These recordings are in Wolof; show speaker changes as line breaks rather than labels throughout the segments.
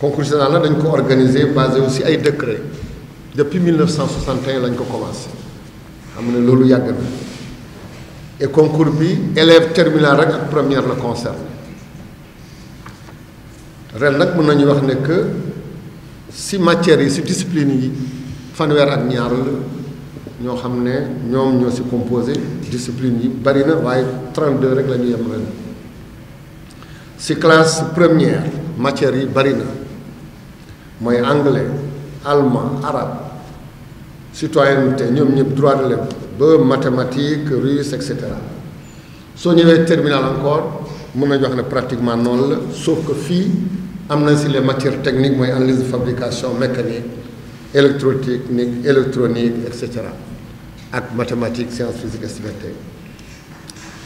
concours général la dañ ko organisé basé aussi ay décret depuis 1961 lañ ko commencé xam ne loolu yàgg na et concours bi élève terminale rek ak première la concerné ren nag mën nañu wax ne que si matière, yi si discipline yi fanweer ak ñaar la ñoo xam ne ñoom ñoo si composé discipline yi bari na waaye 32 rek la ñu yem ren si classe première matière yi bari na moy anglais allemand arabe citoyenneté ñom ñep droit de mathématiques, ba mathématiques russe etc. so ñewé terminal encore mëna jox pratiquement nul, sauf que fi amna ci les matières techniques moy analyse de fabrication mécanique électrotechnique électronique etc. cetera mathématiques, sciences physiques, physiques et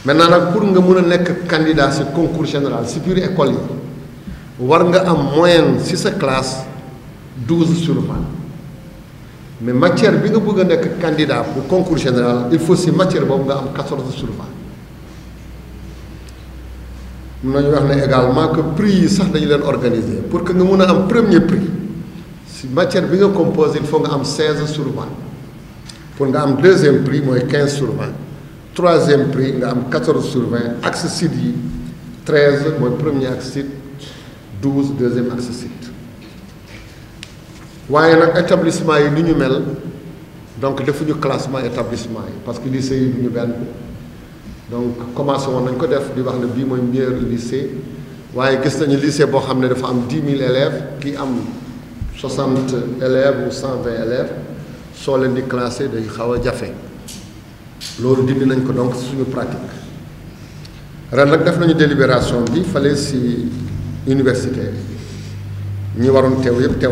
maintenant nak pour nga mëna à ce concours général c'est plus école yi war nga am moyenne si sa classe 12 sur 20. Mais matière, si vous voulez être candidat pour concours général, il faut que matière pour 14 sur 20. Nous avons également que le prix est organisé. Pour que nous ayons un premier prix, si la matière est composée, il faut soit 16 sur 20. Pour avoir un deuxième prix, 15 sur 20. Troisième prix, 14 sur 20. Accessible, 13, moi premier accessible. 12, deuxième accessible. Il y établissement yi ni ñu mel donc defuñu classement établissement parce que lycée yi duñu donc comment on nañ ko def di wax ne bii mooy meilleur lycée waaye gis nañu lycée boo xam dafa am 10 000 élèves ki am 60 élèves ou 120 élèves soo leen di classé day xaw a jafe loolu dindi nañ ko donc suñu pratique ren nag def nañu délibération bi fale si université ñi waroon teew yëpp teew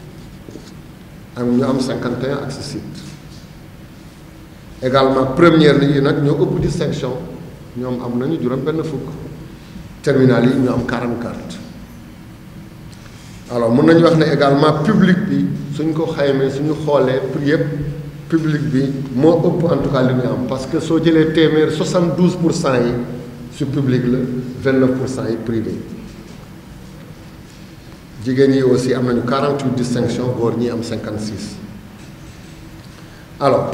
Nous avons 51 accessibles. également première ligne, nous avons une distinction Nous avons nañu 44 alors nous également également public public en tout cas parce que 72 sur public 29 sont privé. J'ai yi aussi am nañu 48 distinctions góor ñi am 56 alors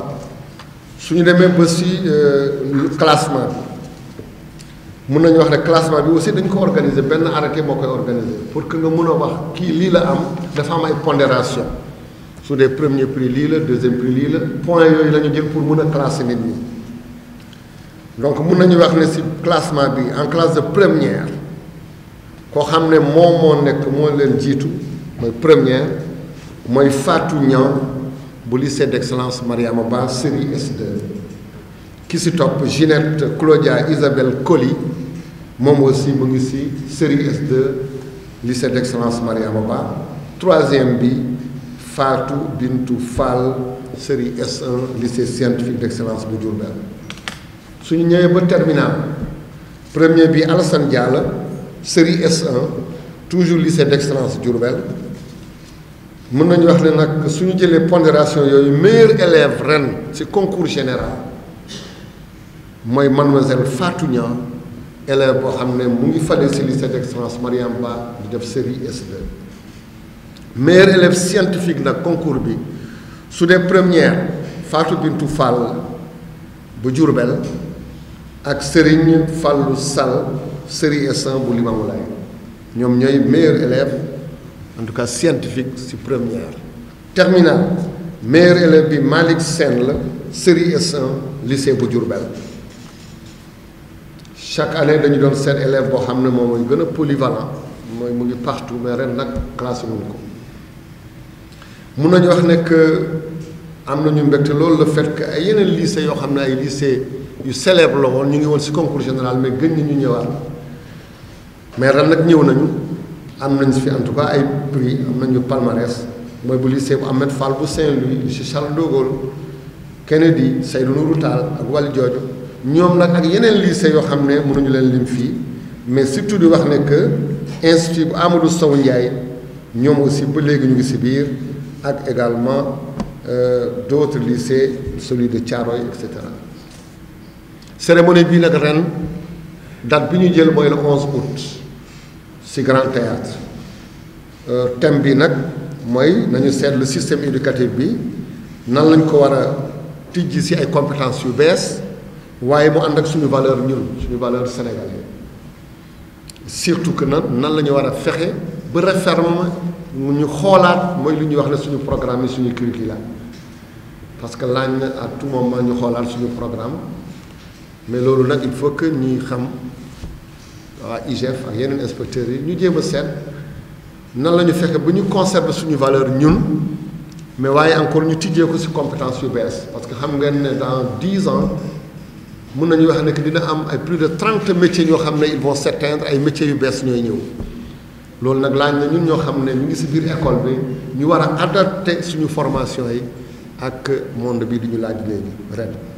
suñu ñu demee ba si euh, classement bi mun nañu wax ne classement bi aussi dañ ko organiser benn arrêté moo koy organiser pour que nga mën a wax kii lii la am dafa am pondération sur les premiers prix lii la deuxième prix lii point yooyu la jël pour mun a classer nit ñi donc mun nañu wax ne si classement bi en classe de première. Je vous momo nek Fatou lycée d'excellence Maria Ba série S2 qui Ginette Claudia Isabelle colli aussi série S2 lycée d'excellence Mariama Ba troisième bi Fatou Bintou Fall série S1 lycée scientifique d'excellence bu le suñu terminal premier bi Alassane Diallo série S1 toujours lycée d'excellence Je vous dis que ne nag suñu jëlee pondération les meilleur élève ren ci concours général mooy mademoiselle Fatou élève qui a ne mu ngi lycée d'excellence Mariamba, Ba série S2 meilleur élève scientifique de concours bi sous dee premières, Fatou Bintou Fall bu Diourbel ak Serigne Fallou Sall série S1 pour Limamou Laye ñoom ñooy meilleurs élèves en tout cas scientifique supérieure. première terminale meilleur élève Malik Malick série S1 lycée bu chaque année dañu doon seen élève boo xam ne moom polyvalent mooy mu ngi partout mais ren nag classé wuñ ko mun wax ne que am nañu mbégte le fait que ay yeneen lycée yo xam ay lycée yu célèbre la ñu ngi ci concours général mais gën ñu ñëwaat mais ren nañu en tout cas prix palmarès lycée Fall Charles de Gaulle Kennedy Seydou Nourou Tall ak Diodio lycée yo xamné mënuñu mais surtout di wax ne que institut Amadou Sow aussi ba ñu ngi également euh, d'autres lycées celui de etc. cérémonie bi le 11 août ci grand théâtre euh, thème bi nag mooy nañu seet le système éducatif bi nan lañ ko war a tijji ci ay compétences yu bees waaye mu ànd ak suñu valeur ñun suñu valeur sénégalais surtout que nan nan la ñu war a fexe ba réforme mu ñu xoolaat mooy lu ñu wax ne suñu programme yi suñu curricula parce que laaj na à tout moment ñu xoolaat suñu programme mais loolu nag il faut que ñuy xam waa IGF ak yeneen inspecteurs yi ñu jéem a seet nan la ñu fexe ba ñu conserver suñu valeur ñun mais waaye encore ñu tijjee ko ci compétence yu bees parce que xam ngeen ne dans 10 ans mun nañu wax ne que dina am ay plus de 30 métiers ñoo xam ne ils vont s'éteindre ay métiers yu bees ñooy ñëw loolu nag laaj na ñun ñoo xam ne ñu ngi ci biir école bi ñu war a adapter suñu formation yi ak monde bi du ñu laaj léegi ren.